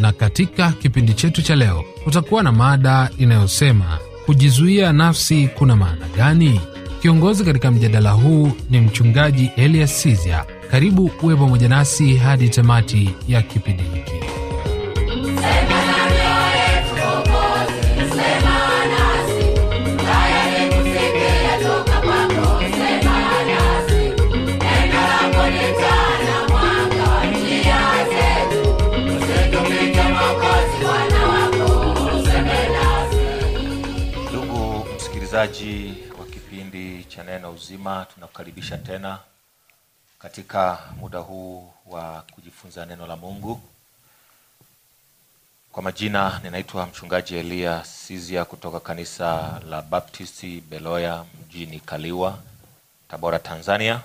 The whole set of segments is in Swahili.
na katika kipindi chetu cha leo kutakuwa na mada inayosema kujizuia nafsi kuna maana gani? Kiongozi katika mjadala huu ni mchungaji Elias Sizia. Karibu uwe pamoja nasi hadi tamati ya kipindi hiki. Msikilizaji wa kipindi cha Neno Uzima, tunakukaribisha tena katika muda huu wa kujifunza neno la Mungu. Kwa majina, ninaitwa Mchungaji Elia Sizia kutoka kanisa la Baptisti Beloya mjini Kaliwa, Tabora, Tanzania.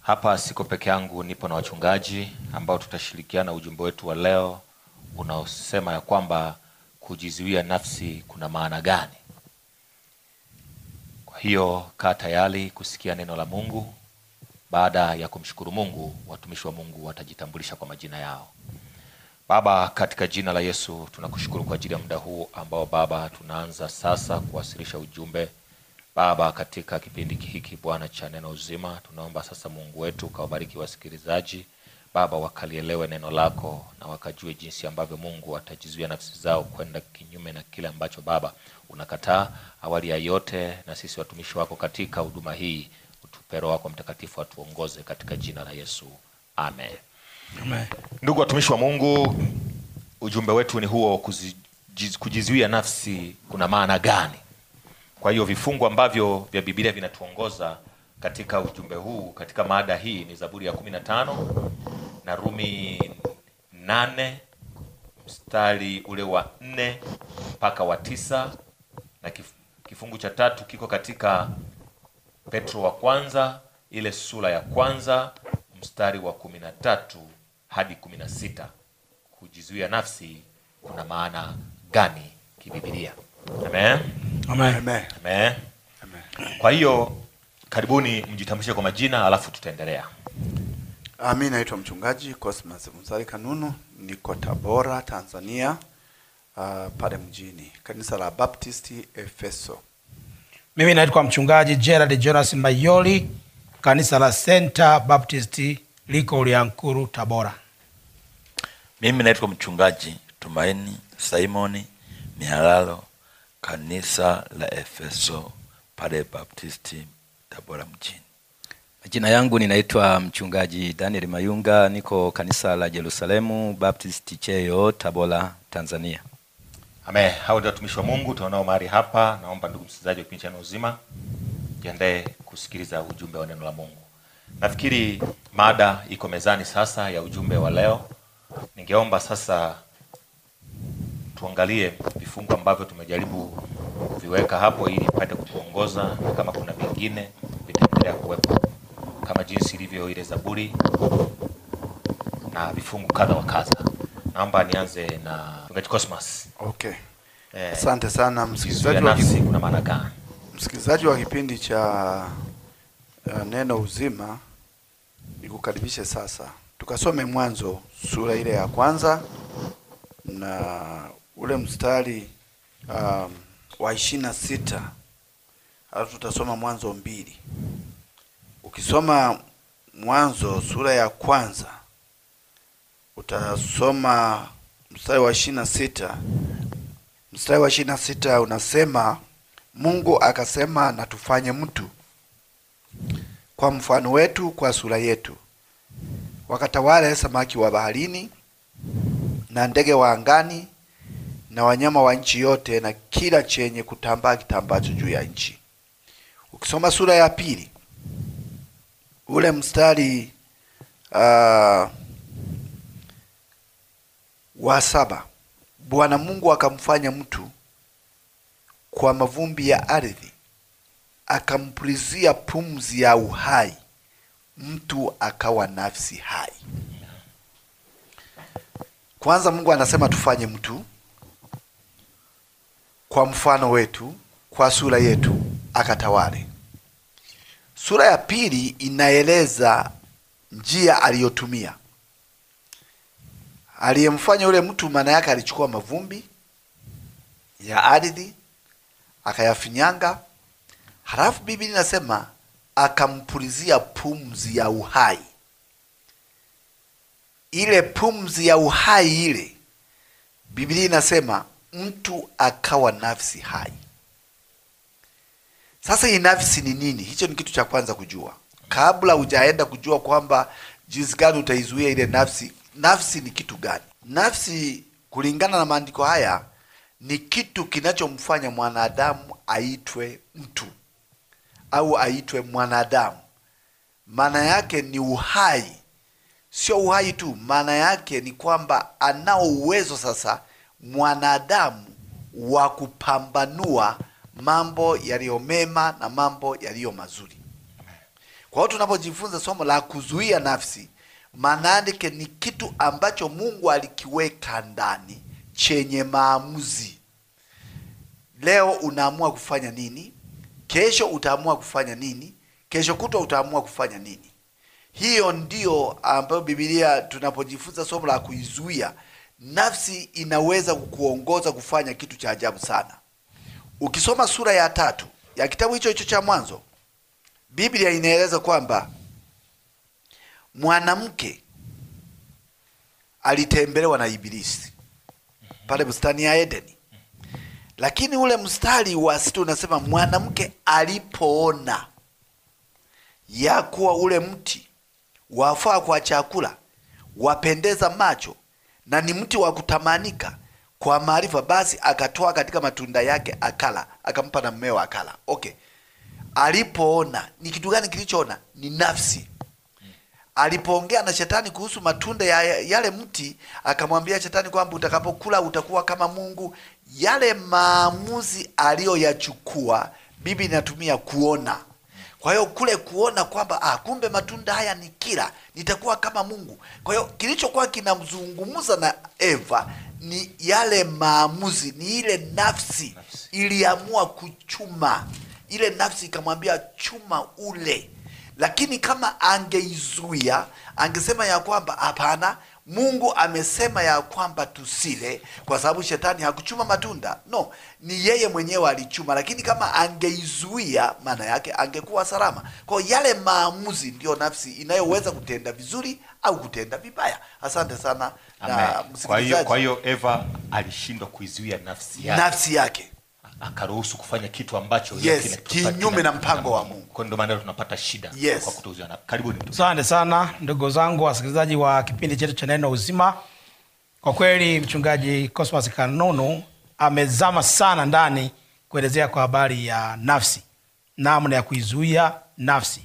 Hapa siko peke yangu, nipo na wachungaji ambao tutashirikiana ujumbe wetu wa leo unaosema ya kwamba kujizuia nafsi kuna maana gani? hiyo kaa tayari kusikia neno la Mungu. Baada ya kumshukuru Mungu, watumishi wa Mungu watajitambulisha kwa majina yao. Baba, katika jina la Yesu tunakushukuru kwa ajili ya muda huu ambao Baba tunaanza sasa kuwasilisha ujumbe Baba, katika kipindi hiki Bwana cha neno uzima, tunaomba sasa Mungu wetu kawabariki wasikilizaji Baba, wakalielewe neno lako na wakajue jinsi ambavyo Mungu atajizuia nafsi zao kwenda kinyume na kile ambacho Baba unakataa. Awali ya yote, na sisi watumishi wako katika huduma hii, utupe Roho wako Mtakatifu atuongoze katika jina la Yesu, amen. Amen. Ndugu watumishi wa Mungu, ujumbe wetu ni huo, kujizuia nafsi kuna maana gani? Kwa hiyo vifungu ambavyo vya Biblia vinatuongoza katika ujumbe huu katika mada hii ni Zaburi ya kumi na tano na rumi nane mstari ule wa nne mpaka wa tisa na kifungu cha tatu kiko katika Petro wa kwanza ile sura ya kwanza mstari wa kumi na tatu hadi kumi na sita Kujizuia nafsi kuna maana gani kibibilia? Amen. Amen. Amen. Amen. Amen. Kwa hiyo karibuni mjitambulishe kwa majina, alafu tutaendelea. Ah, naitwa mchungaji Cosmas Mzali Kanunu, niko Tabora, Tanzania. Uh, pale mjini kanisa la Baptisti Efeso. Mimi naitwa mchungaji Gerald Jonas Mayoli, kanisa la Center Baptisti liko Uliankuru, Tabora. Mimi naitwa mchungaji Tumaini Simoni Mihalalo, kanisa la Efeso pale Baptisti Tabora mjini. Jina yangu ninaitwa mchungaji Daniel Mayunga, niko kanisa la Jerusalemu Baptist Cheyo, Tabora, Tanzania. Amen. Hao ndio watumishi wa Mungu tunao mahali hapa. Naomba ndugu msikilizaji wa kipindi cha Uzima, jiandae kusikiliza ujumbe wa neno la Mungu. Nafikiri mada iko mezani sasa ya ujumbe wa leo. Ningeomba sasa tuangalie vifungu ambavyo tumejaribu kuviweka hapo ili ipate kutuongoza, na kama kuna vingine vitaendelea kuwepo kama jinsi ilivyo ile Zaburi na vifungu kadha wa kadha. Naomba nianze na Mchungaji Cosmas. Okay. Eh, asante sana msikilizaji wa kipindi, kuna maana gani? Msikilizaji wa kipindi cha uh, Neno Uzima, nikukaribishe sasa tukasome Mwanzo sura ile ya kwanza na ule mstari um, wa ishirini na sita halafu tutasoma Mwanzo mbili. Ukisoma Mwanzo sura ya kwanza utasoma mstari wa ishirini na sita mstari wa ishirini na sita unasema Mungu akasema, na tufanye mtu kwa mfano wetu, kwa sura yetu, wakatawale samaki wa baharini na ndege wa angani na wanyama wa nchi yote na kila chenye kutambaa kitambacho juu ya nchi. Ukisoma sura ya pili ule mstari uh, wa saba, Bwana Mungu akamfanya mtu kwa mavumbi ya ardhi, akampulizia pumzi ya uhai, mtu akawa nafsi hai. Kwanza Mungu anasema tufanye mtu kwa mfano wetu, kwa sura yetu, akatawale Sura ya pili inaeleza njia aliyotumia aliyemfanya yule mtu. Maana yake alichukua mavumbi ya ardhi akayafinyanga, halafu Biblia inasema akampulizia pumzi ya uhai. Ile pumzi ya uhai ile, Biblia inasema mtu akawa nafsi hai. Sasa hii nafsi ni nini? Hicho ni kitu cha kwanza kujua, kabla hujaenda kujua kwamba jinsi gani utaizuia ile nafsi. Nafsi ni kitu gani? Nafsi kulingana na maandiko haya ni kitu kinachomfanya mwanadamu aitwe mtu au aitwe mwanadamu. Maana yake ni uhai, sio uhai tu, maana yake ni kwamba anao uwezo sasa mwanadamu wa kupambanua mambo yaliyo mema na mambo yaliyo mazuri. Kwa hiyo tunapojifunza somo la kuzuia nafsi, maana yake ni kitu ambacho Mungu alikiweka ndani chenye maamuzi. Leo unaamua kufanya nini, kesho utaamua kufanya nini, kesho kutwa utaamua kufanya nini. Hiyo ndiyo ambayo Biblia, tunapojifunza somo la kuizuia nafsi, inaweza kukuongoza kufanya kitu cha ajabu sana. Ukisoma sura ya tatu ya kitabu hicho hicho cha Mwanzo, Biblia inaeleza kwamba mwanamke alitembelewa na Ibilisi pale bustani ya Edeni, lakini ule mstari wa sita unasema mwanamke alipoona ya kuwa ule mti wafaa kwa chakula, wapendeza macho, na ni mti wa kutamanika, kwa maarifa, basi akatoa katika matunda yake akala, akampa na mmeo akala. Okay, alipoona ni kitu gani kilichoona? Ni nafsi. Alipoongea na shetani kuhusu matunda ya yale mti, akamwambia shetani kwamba utakapokula utakuwa kama Mungu. Yale maamuzi aliyoyachukua, Biblia inatumia kuona. Kwa hiyo kule kuona kwamba ah, kumbe matunda haya ni kila nitakuwa kama Mungu. Kwa hiyo kilichokuwa kinamzungumza na Eva ni yale maamuzi, ni ile nafsi, nafsi iliamua kuchuma, ile nafsi ikamwambia chuma ule. Lakini kama angeizuia, angesema ya kwamba hapana, Mungu amesema ya kwamba tusile kwa sababu shetani hakuchuma matunda. No, ni yeye mwenyewe alichuma, lakini kama angeizuia, maana yake angekuwa salama. Kwa yale maamuzi ndiyo nafsi inayoweza kutenda vizuri au kutenda vibaya. Asante sana Amen. Na msikilizaji, kwa hiyo Eva alishindwa kuizuia nafsi yake, nafsi yake akaruhusu kufanya kitu ambacho yes, kinyume na mpango wa Mungu. Kwa ndio maana tunapata shida yes, kwa kutouzana. Karibuni. Asante sana ndugu zangu wasikilizaji wa kipindi chetu cha Neno Uzima. Kwa kweli mchungaji Cosmas Kanunu amezama sana ndani kuelezea kwa habari ya nafsi, namna ya kuizuia nafsi.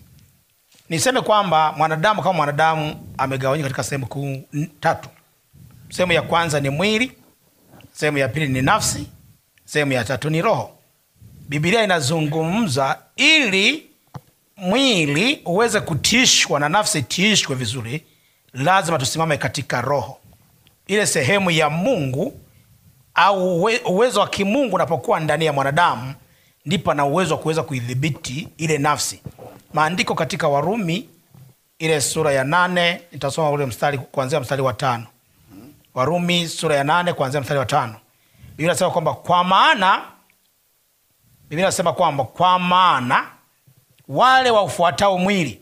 Niseme kwamba mwanadamu kama mwanadamu amegawanyika katika sehemu kuu tatu. Sehemu ya kwanza ni mwili, sehemu ya pili ni nafsi sehemu ya tatu ni roho. Bibilia inazungumza ili mwili uweze kutishwa na nafsi tiishwe vizuri, lazima tusimame katika roho, ile sehemu ya Mungu au uwezo wa kimungu unapokuwa ndani ya mwanadamu, ndipo ana uwezo wa kuweza kuidhibiti ile nafsi. Maandiko katika Warumi ile sura ya nane nitasoma ule mstari kuanzia mstari wa tano. Warumi sura ya nane kuanzia mstari wa tano. Biblia nasema kwamba kwa maana, Biblia inasema kwamba kwa maana wale waufuatao mwili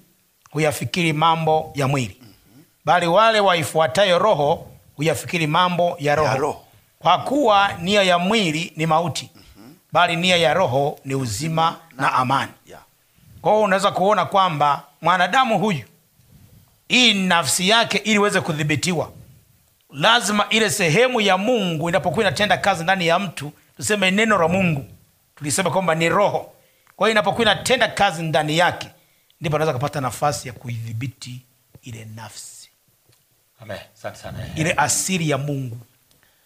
huyafikiri mambo ya mwili, mm -hmm. bali wale waifuatayo roho huyafikiri mambo ya roho, ya roho. Kwa kuwa nia ya mwili ni mauti, mm -hmm. bali nia ya roho ni uzima na, na amani yeah. Kwa hiyo unaweza kuona kwamba mwanadamu huyu hii nafsi yake ili iweze kudhibitiwa lazima ile sehemu ya mungu inapokuwa inatenda kazi ndani ya mtu tuseme neno la mungu tulisema kwamba ni roho kwa hiyo inapokuwa inatenda kazi ndani yake ndipo anaweza kupata nafasi ya kuidhibiti ile nafsi Amen. Asante sana. ile asiri ya mungu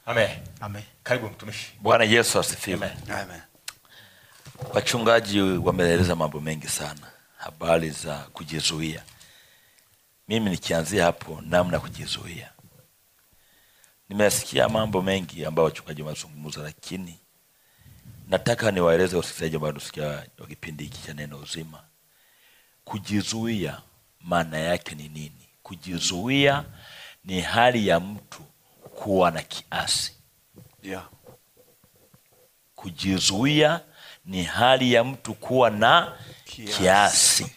Amen. Amen. Karibu mtumishi. Bwana Yesu asifiwe. Wachungaji wameeleza mambo mengi sana, habari za kujizuia. Mimi nikianzia hapo, namna kujizuia Nimesikia mambo mengi ambayo wachungaji wanazungumza, lakini nataka niwaeleze wasikilizaji ambao wanasikia wa kipindi hiki cha neno uzima, kujizuia maana yake ni nini? Kujizuia ni hali ya mtu kuwa na kiasi yeah. Kujizuia ni hali ya mtu kuwa na kiasi, kiasi.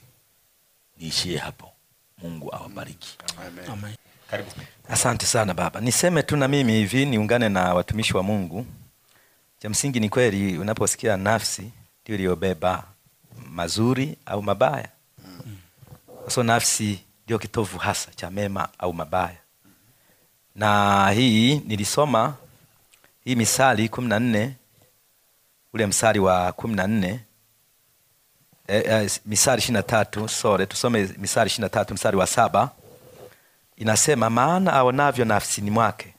Niishie hapo. Mungu awabariki. Amen. Amen. Karibu. Asante sana baba, niseme tu na mimi hivi, niungane na watumishi wa Mungu. Cha msingi ni kweli, unaposikia nafsi ndio iliyobeba mazuri au mabaya. So nafsi ndio kitovu hasa cha mema au mabaya, na hii nilisoma hii Misali kumi na nne ule msali wa kumi na nne e, e, Misali ishirini na tatu sore tusome Misali ishirini na tatu msali wa saba inasema maana aonavyo nafsini mwake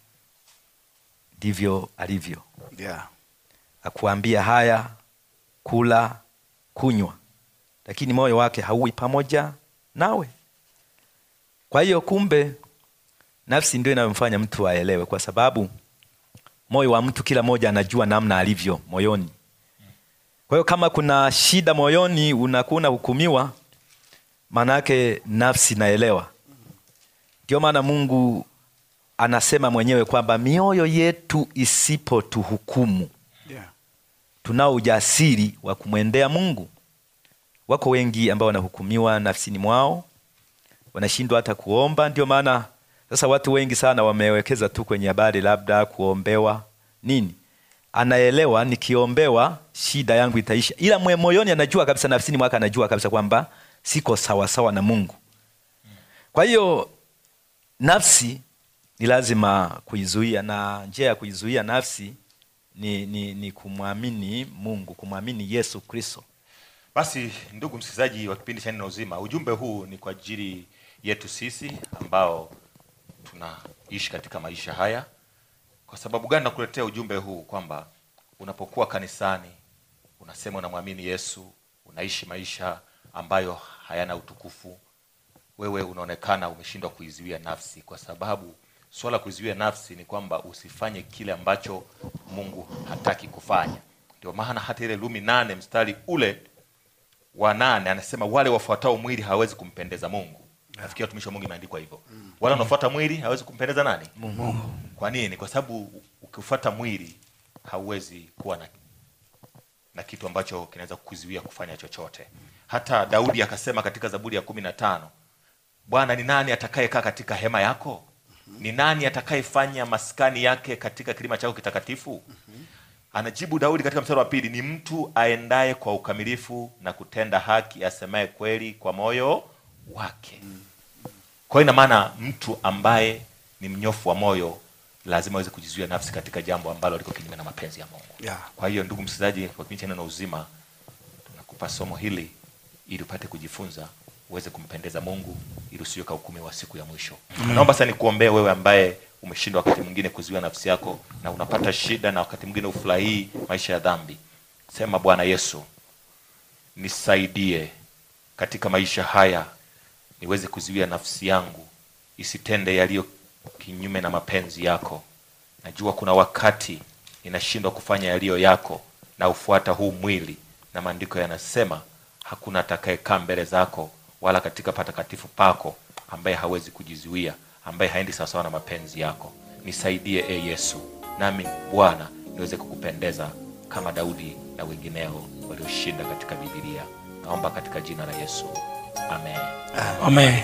ndivyo alivyo, yeah. Akuambia haya kula, kunywa, lakini moyo wake hauwi pamoja nawe. Kwa hiyo kumbe nafsi ndio inayomfanya mtu aelewe, kwa sababu moyo wa mtu kila mmoja anajua namna alivyo moyoni. Kwa hiyo kama kuna shida moyoni, unakuwa unahukumiwa, maana yake nafsi naelewa ndio maana Mungu anasema mwenyewe kwamba mioyo yetu isipotuhukumu, tunao ujasiri wa kumwendea Mungu. Wako wengi ambao wanahukumiwa nafsini mwao, wanashindwa hata kuomba. Ndio maana sasa watu wengi sana wamewekeza tu kwenye habari labda kuombewa nini. Anaelewa nikiombewa shida yangu itaisha, ila mwemoyoni moyoni anajua kabisa, nafsini mwake anajua kabisa kwamba siko sawasawa na Mungu. Kwa hiyo nafsi ni lazima kuizuia, na njia ya kuizuia nafsi ni, ni, ni kumwamini Mungu, kumwamini Yesu Kristo. Basi ndugu msikilizaji wa kipindi cha Neno Uzima, ujumbe huu ni kwa ajili yetu sisi ambao tunaishi katika maisha haya. Kwa sababu gani nakuletea ujumbe huu? Kwamba unapokuwa kanisani unasema unamwamini Yesu, unaishi maisha ambayo hayana utukufu, wewe unaonekana umeshindwa kuizuia nafsi, kwa sababu swala kuizuia nafsi ni kwamba usifanye kile ambacho Mungu hataki kufanya. Ndio maana hata ile Lumi nane mstari ule wa nane anasema wale wafuatao mwili hawezi kumpendeza Mungu. Nafikiri watumishi wa Mungu imeandikwa hivyo. Mm. Wale wanaofuata mwili hawezi kumpendeza nani? Mungu. Kwa nini? Kwa sababu ukifuata mwili hauwezi kuwa na, na kitu ambacho kinaweza kukuzuia kufanya chochote. Hata Daudi akasema katika Zaburi ya kumi na tano Bwana, ni nani atakayekaa katika hema yako? Ni nani atakayefanya maskani yake katika kilima chako kitakatifu? Anajibu Daudi katika mstari wa pili, ni mtu aendaye kwa ukamilifu na kutenda haki, asemaye kweli kwa moyo wake. Kwa hiyo ina maana mtu ambaye ni mnyofu wa moyo lazima aweze kujizuia nafsi katika jambo ambalo liko kinyume na mapenzi ya Mungu. Yeah. Kwa hiyo ndugu msikilizaji, kwa kipindi cha Neno Uzima tunakupa somo hili ili upate kujifunza uweze kumpendeza Mungu ili usiwe wa siku ya mwisho. Mm. Naomba sana nikuombee wewe ambaye umeshindwa wakati mwingine kuzuia nafsi yako na unapata shida na wakati mwingine ufurahii maisha ya dhambi. Sema Bwana Yesu, nisaidie katika maisha haya niweze kuzuia nafsi yangu isitende yaliyo kinyume na mapenzi yako. Najua kuna wakati ninashindwa kufanya yaliyo yako na ufuata huu mwili, na maandiko yanasema hakuna atakayekaa mbele zako wala katika patakatifu pako, ambaye hawezi kujizuia, ambaye haendi sawasawa na mapenzi yako. Nisaidie e Yesu, nami Bwana niweze kukupendeza kama Daudi na wengineo walioshinda katika bibilia Naomba katika jina la Yesu, amen, amen. amen.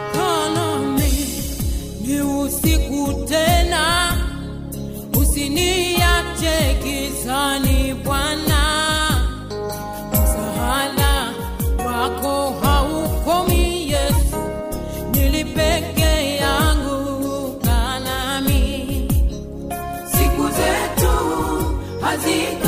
See.